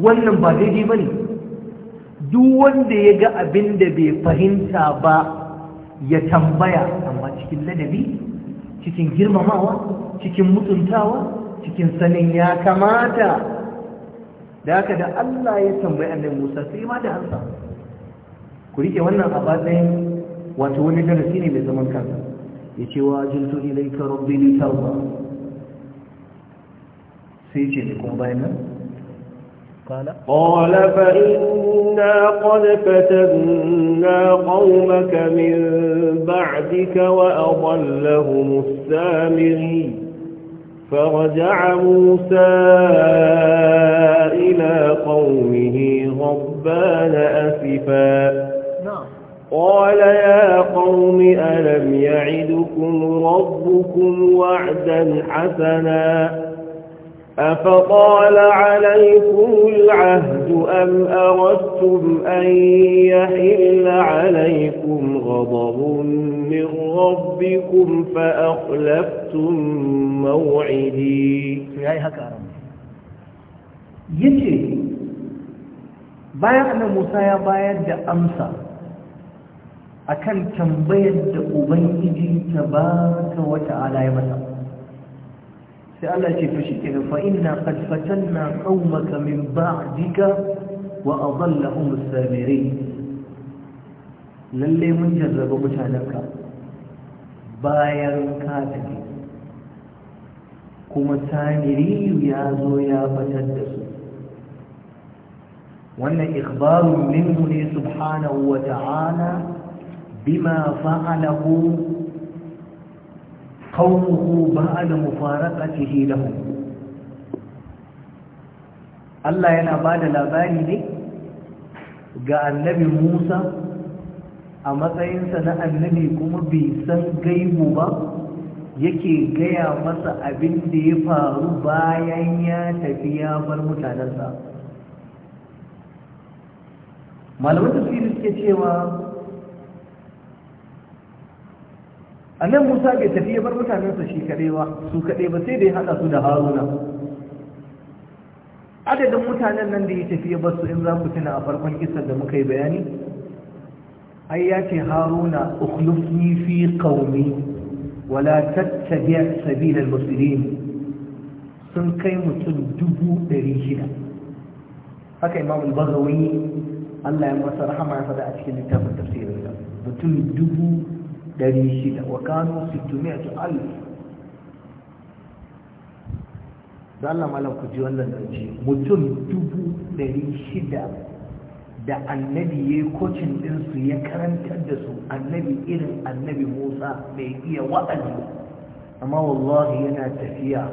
Speaker 1: wannan ba daidai ba ne duk wanda ya ga abin da bai fahimta ba ya tambaya amma cikin ladabi cikin girmamawa cikin mutuntawa cikin sanin ya kamata da haka da Allah ya tambayi annabi Musa sai ma da hansa ku rike wannan a wato wani darasi ne mai zaman kansa ya ce wa jintu ilaika rabbi li tawba sai ce ne
Speaker 2: قال قال فإنا قد فتنا قومك من بعدك وأضلهم السامري فرجع موسى إلى قومه غضبان أسفا نعم. قال يا قوم ألم يعدكم ربكم وعدا حسنا أفطال عليكم العهد أم أردتم أن يحل عليكم غضب من ربكم فأخلفتم موعدي يا أيها كارم
Speaker 1: بايعنا موسى يا بايع أمسى أكن تنبيد أبيدي تبارك وتعالى يا sai Allah ce to shikenan fa inna qad fatanna qaumaka min ba'dika wa adallahum as-sabirin lalle mun jarraba mutanenka bayan ka tafi kuma samiri ya zo ya fatar da su wannan ikhbarun minhu ne subhanahu wa ta'ala bima fa'alahu قومه بعد مفارقته له Allah yana bada labari ne ga annabi Musa a matsayin sa na annabi kuma bai san gaibu ba yake gaya masa abin da ya faru bayan ya tafi ya bar mutanensa. Malamin tafsiri suke cewa A nan musa bai tafi ya bar mutanensa shi ba su kaɗai ba sai da ya haɗa su da haruna adadin mutanen nan da ya tafi ya bar su in za ku tuna a farkon kisar da muka yi bayani ai ya ce haruna ukhlifni fi qaumi wala tattabi' sabila al-muslimin sun kai mutum dubu ɗari shida haka imam al Allah ya masa rahama ya faɗa a cikin littafin tafsirin mutum dubu ɗari shida wa kanu sittumiyatu alif Allah malam ku wannan zance mutum dubu ɗari shida da annabi ya yi kocin ɗinsu ya karantar da su annabi irin annabi musa mai iya wa'azi amma wallahi yana tafiya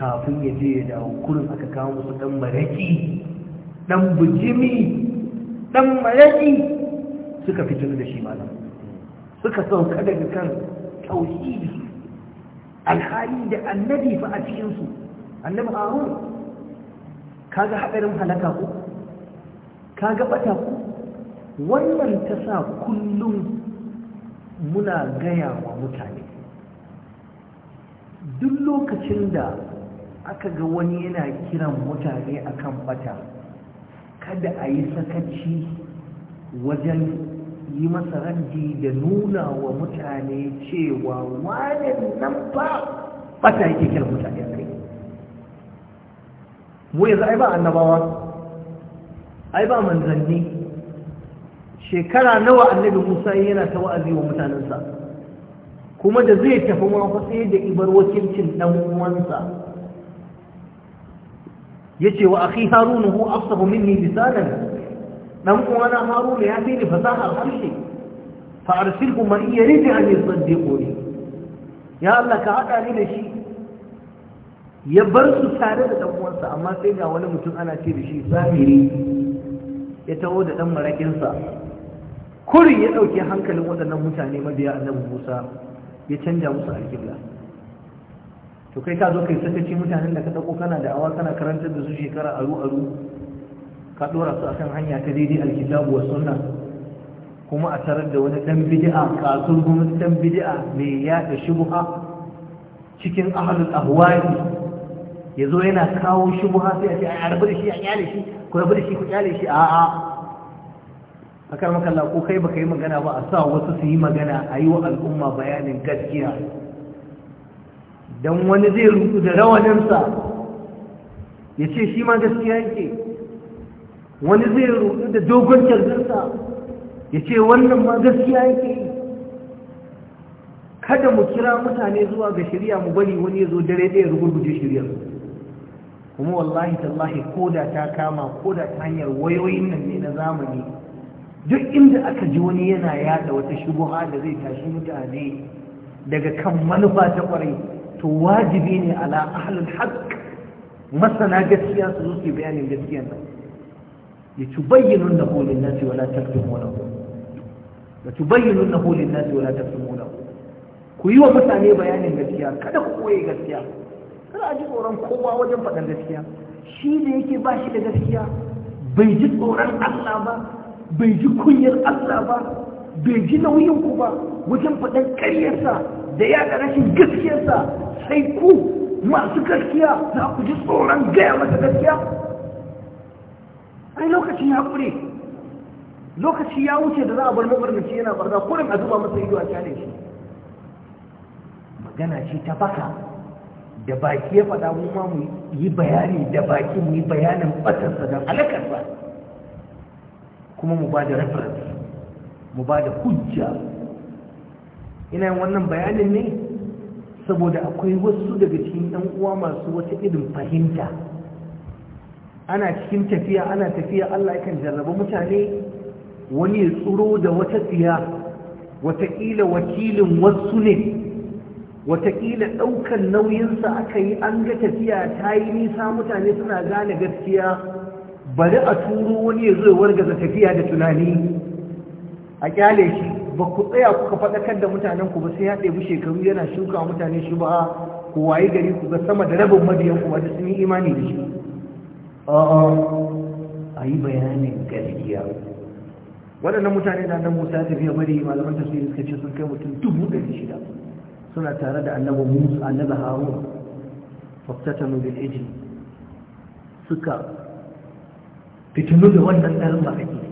Speaker 1: kafin ya je ya dawo kurin aka kawo musu dan maraki ɗan bujimi dan maraki suka fitar da shi malam suka sauka daga kan tauhidi alhali da annabi fa a cikinsu annabi harun kaga haɗarin halaka ku kaga ɓata ku wannan ta sa kullum muna gaya wa mutane duk lokacin da aka ga wani yana kiran mutane akan ɓata kada a yi sakaci wajen yi masa raddi da nuna wa mutane cewa wanan nan ba ɓata yake kira mutane kai mu yanzu ai ba annabawa ai ba manzanni shekara nawa annabi Musa yana ta wa'azi wa mutanensa kuma da zai tafi ma sai da ibar wakilcin dan uwansa yace wa akhi harun hu afsahu minni bisalan dan uwana haruna ya fi ni fasahar harshe fa arsilhu man yaridi an ni ya Allah ka hada ni da shi ya bar su tare da dan uwansa amma sai ga wani mutum ana ce da shi Zahiri ya taho da dan marakin sa kurin ya dauke hankalin waɗannan mutane mabiya annabi Musa ya canja musu alƙibla to kai ka zo kai sakaci mutanen da ka dauko kana da awa kana karantar da su shekara aru aru ka dora su akan hanya ta daidai alkitabu wa sunna kuma a tarar da wani dan bid'a kasul gumin dan bid'a mai yada shubha cikin ahlul ahwa'i yazo yana kawo shubha sai a ce a rabu da shi a kyale shi ku rabu da shi ku kyale shi a'a akar maka Allah ko kai baka yi magana ba a sa wasu su yi magana a yi wa al'umma bayanin gaskiya dan wani zai rutu da rawaninsa ya ce shi ma gaskiya yake wani zai roƙi da dogon canzarsa ya ce wannan ma gaskiya yake yi kada mu kira mutane zuwa ga shirya mu bari wani ya zo dare ɗaya rugurguje shirya kuma wallahi tallahi ko da ta kama ko da ta hanyar wayoyin nan ne na zamani duk inda aka ji wani yana yada wata shubuha da zai tashi mutane daga kan manufa ta kwarai to wajibi ne ala ahlul haqq masana gaskiya su zo su bayanin gaskiyar nan لتبيننه للناس ولا تكتمونه لتبيننه للناس ولا تكتمونه ku yi wa mutane bayanin gaskiya kada ku koye gaskiya kada a ji tsoron kowa wajen faɗin gaskiya shi da yake ba da gaskiya bai ji tsoron Allah ba bai ji kunyar Allah ba bai ji nauyin ku ba wajen faɗin ƙaryarsa da yaɗa rashin gaskiyarsa sai ku masu gaskiya za ku ji tsoron gaya masa gaskiya lokaci ya kure lokaci ya wuce da za a bar mabarnaci yana barza kurin a zuba masa ido a kyale shi magana ce ta baka da baki ya faɗa mu ma mu yi bayani da baki mu yi bayanin batarsa don ba, kuma mu ba da reference mu ba da hujja ina yin wannan bayanin ne saboda akwai wasu daga cikin ɗan uwa masu wata irin fahimta ana cikin tafiya ana tafiya Allah yakan jarraba mutane wani ya tsoro da wata tsiya watakila wakilin wasu ne watakila ɗaukan nauyinsa aka yi an ga tafiya ta yi nisa mutane suna gane gaskiya bari a turo wani ya zo wargaza tafiya da tunani a kyale shi ba ku tsaya kuka faɗakar da mutanen ku ba sai ya ɗebi shekaru yana shuka mutane shi ba ku waye gari ku ga sama da rabin mabiyan ku wanda sun yi imani da shi a'a a yi bayanin gaskiya waɗannan mutane da annabi Musa ya tafiya bari malaman tafsiri suka ce sun kai mutum dubu da shida suna tare da annabi Musa annabi Harun fattatamu bil Ejin, suka fitinu da wannan ɗarin ba kake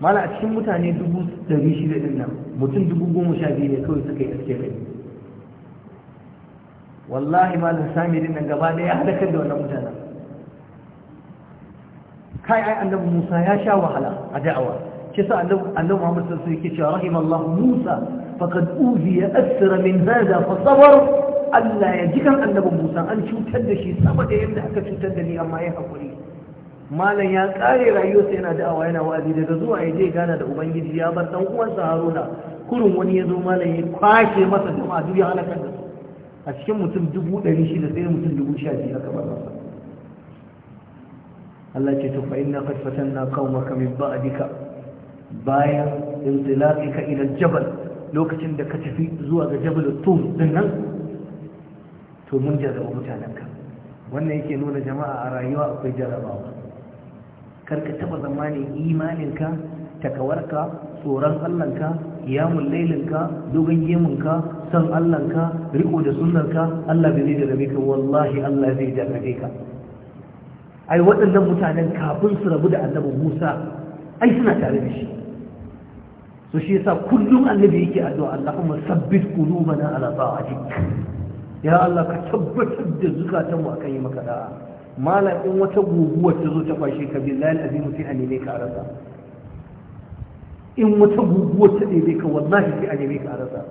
Speaker 1: mala a cikin mutane dubu dari shida ɗin nan mutum dubu goma sha biyu ne kawai suka yi aske kai. wallahi malam sami ɗin nan gaba ɗaya halakar da wannan mutanen kai ai annabi Musa ya sha wahala a da'awa shi sa annabi Muhammad sallallahu alaihi yake cewa rahimallahu Musa faqad uziya asra min hada fa sabar Allah ya jikan annabi Musa an cutar da shi sama da yadda aka cutar da ni amma ya hakuri malam ya kare rayuwarsa yana da'awa yana wa'azi daga zuwa ya je gana da ubangiji ya bar dan uwansa Haruna kurun wani ya zo malam ya kwashe masa jama'a duk ya halaka da su a cikin mutum dubu ɗari shida sai mutum dubu sha biyu aka bar masa Allah ce to fa inna qad fatanna qaumaka min ba'dika bayan intilaqika ila al-jabal lokacin da ka tafi zuwa ga jabal tur dinnan to mun jarraba mutanenka wannan yake nuna jama'a a rayuwa akwai jarrabawa karka taba zamanin imaninka takawarka tsoron allanka yamun lailinka dogon gemunka san allanka riko da sunanka allah bai zai jarrabe ka wallahi allah zai jarrabe ka ai waɗannan mutanen kafin su rabu da annabi Musa ai suna tare da shi so shi yasa kullum annabi yake addu'a Allahumma sabbit qulubana ala ta'atik ya Allah ka tabbatar da zukatanmu akan yi maka da'a malam wata guguwar ta zo ta kwashe ka billahi alazim fi anile ka arasa in wata guguwar ta ɗebe ka wallahi fi anile ka arasa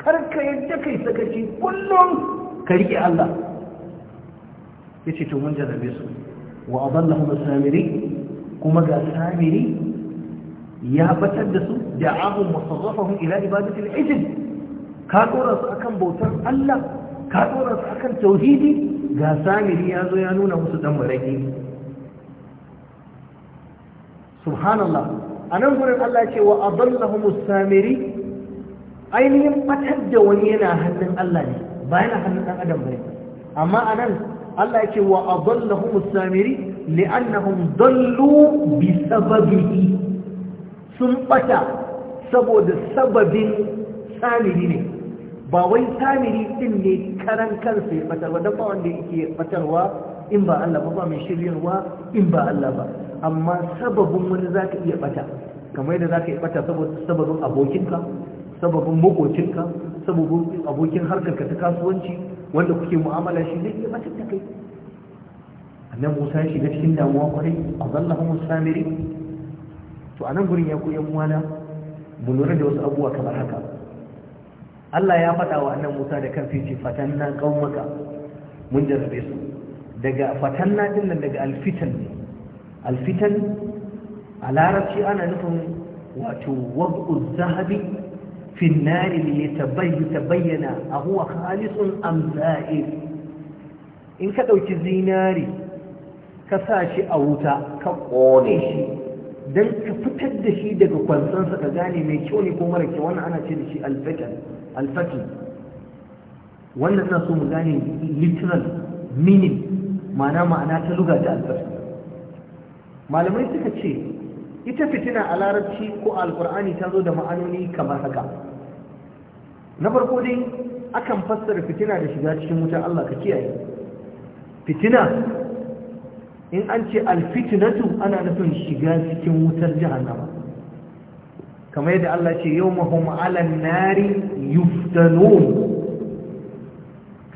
Speaker 1: kar ka yadda kai sakaci kullum ka riƙe Allah yace to mun jarrabe su wa adallahum samiri kuma ga samiri ya batar da su da'ahum wa sarrafahum ila ibadati al-ijl ka dora su akan bautar Allah ka dora su akan tauhidi ga samiri ya zo ya nuna musu dan maraki subhanallah anan gurin Allah ce wa adallahum samiri ainihin batar da wani yana hannun Allah ne ba yana hannun dan adam bane amma anan Allah yake wa adallahum as-samiri li'annahum dallu bi sababihi sun bata saboda sababin samiri ne ba wai samiri din ne karan kansa ya fatarwa dan ba wanda yake fatarwa in ba Allah ba ba mai shiryarwa in ba Allah ba amma sababin wani zaka iya bata kamar yadda zaka iya bata saboda sababin abokinka sababin makocinka sababin abokin harkarka ta kasuwanci wanda kuke mu'amala shi zai iya batar kai annan musa ya shiga cikin damuwa kwarai a zalla hamu samiri to a nan gurin ya koyan muwana mu lura da wasu abubuwa kamar haka Allah ya faɗa wa annan musa da kan fice fatan na mun jarrabe su daga fatan na din nan daga alfitan ne alfitan a larabci ana nufin wato wab'u zahabi في النار ليتبين أهو خالص أم زائد إن كدوك زيناري كساشي أوتا كقونيشي don ka fitar da shi daga kwansansa ka gane mai kyau ne ko mara kyau wannan ana ce da shi alfatin wannan na so mu gane literal meaning ma'ana ma'ana ta luga da alfatin malamai suka ce ita fitina a larabci ko alkur'ani ta zo da ma'anoni kamar haka na farko dai akan fassara fitina da shiga cikin wutar Allah ka kiyaye fitina in an ce alfitinatu ana nufin shiga cikin wutar jahannama kamar yadda Allah ce yau mahum alan nari yuftanun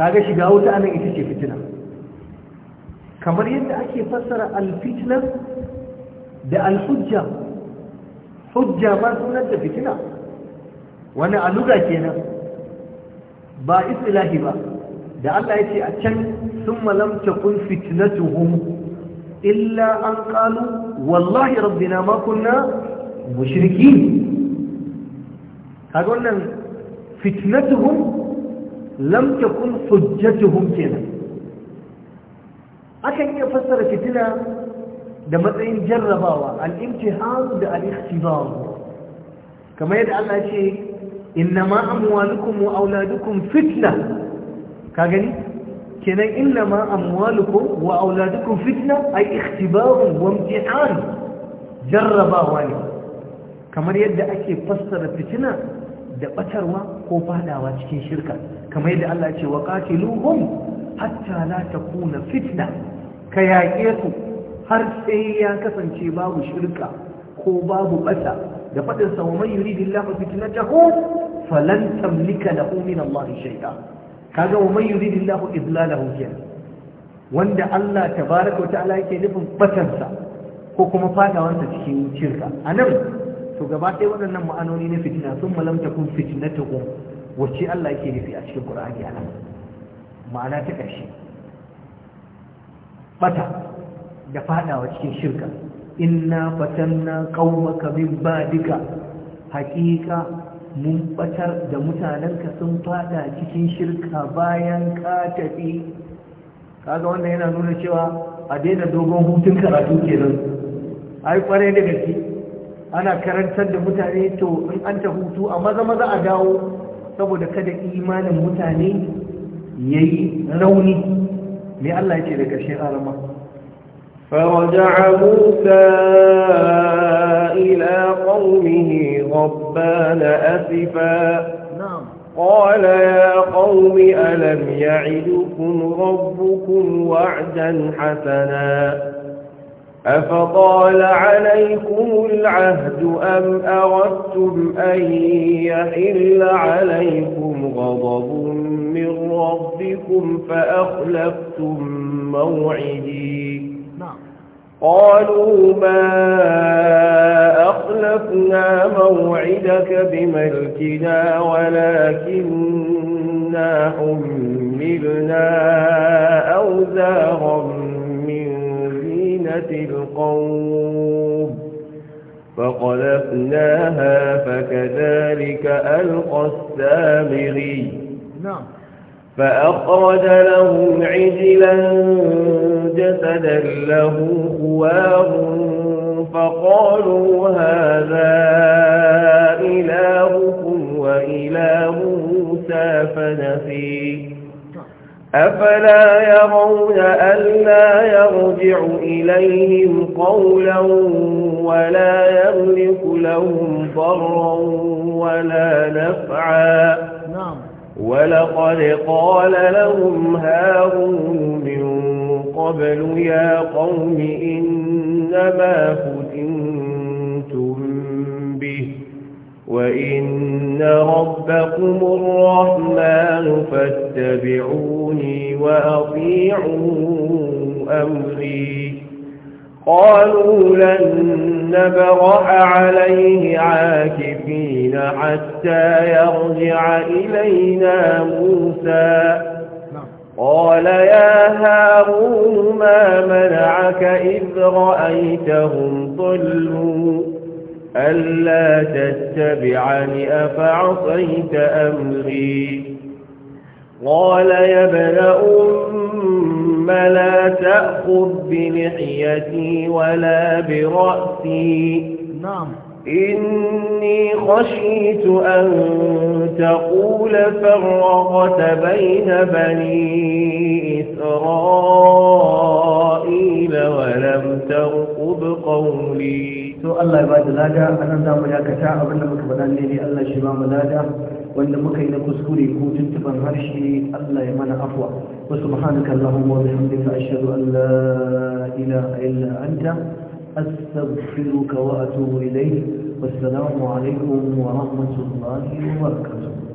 Speaker 1: kaga shiga wuta anan ita ce fitina kamar yadda ake fassara alfitinatu da alhujja hujja ma sunan da fitina wani aluga kenan ba istilahi ba da Allah ya ce a can sun malam takun fitnatuhum illa an qalu wallahi rabbina ma kunna mushrikin kaga wannan fitnatuhum lam takun hujjatuhum kenan akan iya fassara fitina da matsayin jarrabawa al hannu da al-ikhtibar kamar yadda Allah ya ce innama ma wa wa'auladukun fitna ka gani kenan innama ma wa wa'auladukun fitna ay ikhtibarun wa jarrabawa ne kamar yadda ake fassara fitina da ɓatarwa ko fadawa cikin shirka kamar yadda Allah ya ce wa qatiluhum hatta la takuna fitna ka yaƙe su har sai ya kasance babu shirka ko babu bata da faɗin sa man yuridillahu fitnatahu falan tamlika lahu min Allah shay'a kaga wa man yuridillahu idlalahu kenan wanda Allah baraka wa ta'ala yake nufin batansa ko kuma fadawansa cikin shirka anan to gaba ɗaya waɗannan ma'anoni na fitina sun malamta kun fitinata kun wacce Allah yake nufi a cikin Qur'ani a ma'ana ta ƙarshe bata da fadawa cikin shirka inna fatanna qaumaka min ba'dika haqiqa mun batar da mutanenka sun fada cikin shirka bayan ka tafi kaga wannan yana nuna cewa a daina dogon hutun karatu kenan ai kware da gaske ana karantar da mutane to in an ta hutu a maza maza a dawo saboda kada imanin mutane yayi rauni
Speaker 2: me Allah yake da karshen arama فرجع موسى إلى قومه غضبان أسفا نعم. قال يا قوم ألم يعدكم ربكم وعدا حسنا أفطال عليكم العهد أم أردتم أن يحل عليكم غضب من ربكم فأخلفتم موعدين قالوا ما أخلفنا موعدك بملكنا ولكننا حملنا أوزارا من زينة القوم فقلفناها فكذلك ألقى السامري نعم فأخرج لهم عجلا جسدا له خوار فقالوا هذا إلهكم وإله موسى فنسي أفلا يرون ألا يرجع إليهم قولا ولا يملك لهم ضرا ولا نفعا ولقد قال لهم هارون من قبل يا قوم إنما فتنتم به وإن ربكم الرحمن فاتبعوني وأطيعوا أمري قالوا لن نبرح عليه عاكفين حتى يرجع إلينا موسى قال يا هارون ما منعك إذ رأيتهم ضلوا ألا تتبعني أفعصيت أمري قال يا ابن أم لا تأخذ بلحيتي ولا برأسي نعم إني خشيت أن تقول فرغت بين بني إسرائيل ولم ترقب قولي سؤال الله يبادل هذا أنا دام يا كتاب أبنى مكبدا
Speaker 1: لي الله شباب هذا wanda muka yi na kuskure ko tuntuban harshe Allah ya mana afwa wa subhanaka allahumma wa bihamdika ashhadu an la ilaha illa anta astaghfiruka wa atubu ilayk wassalamu alaikum wa rahmatullahi wa barakatuh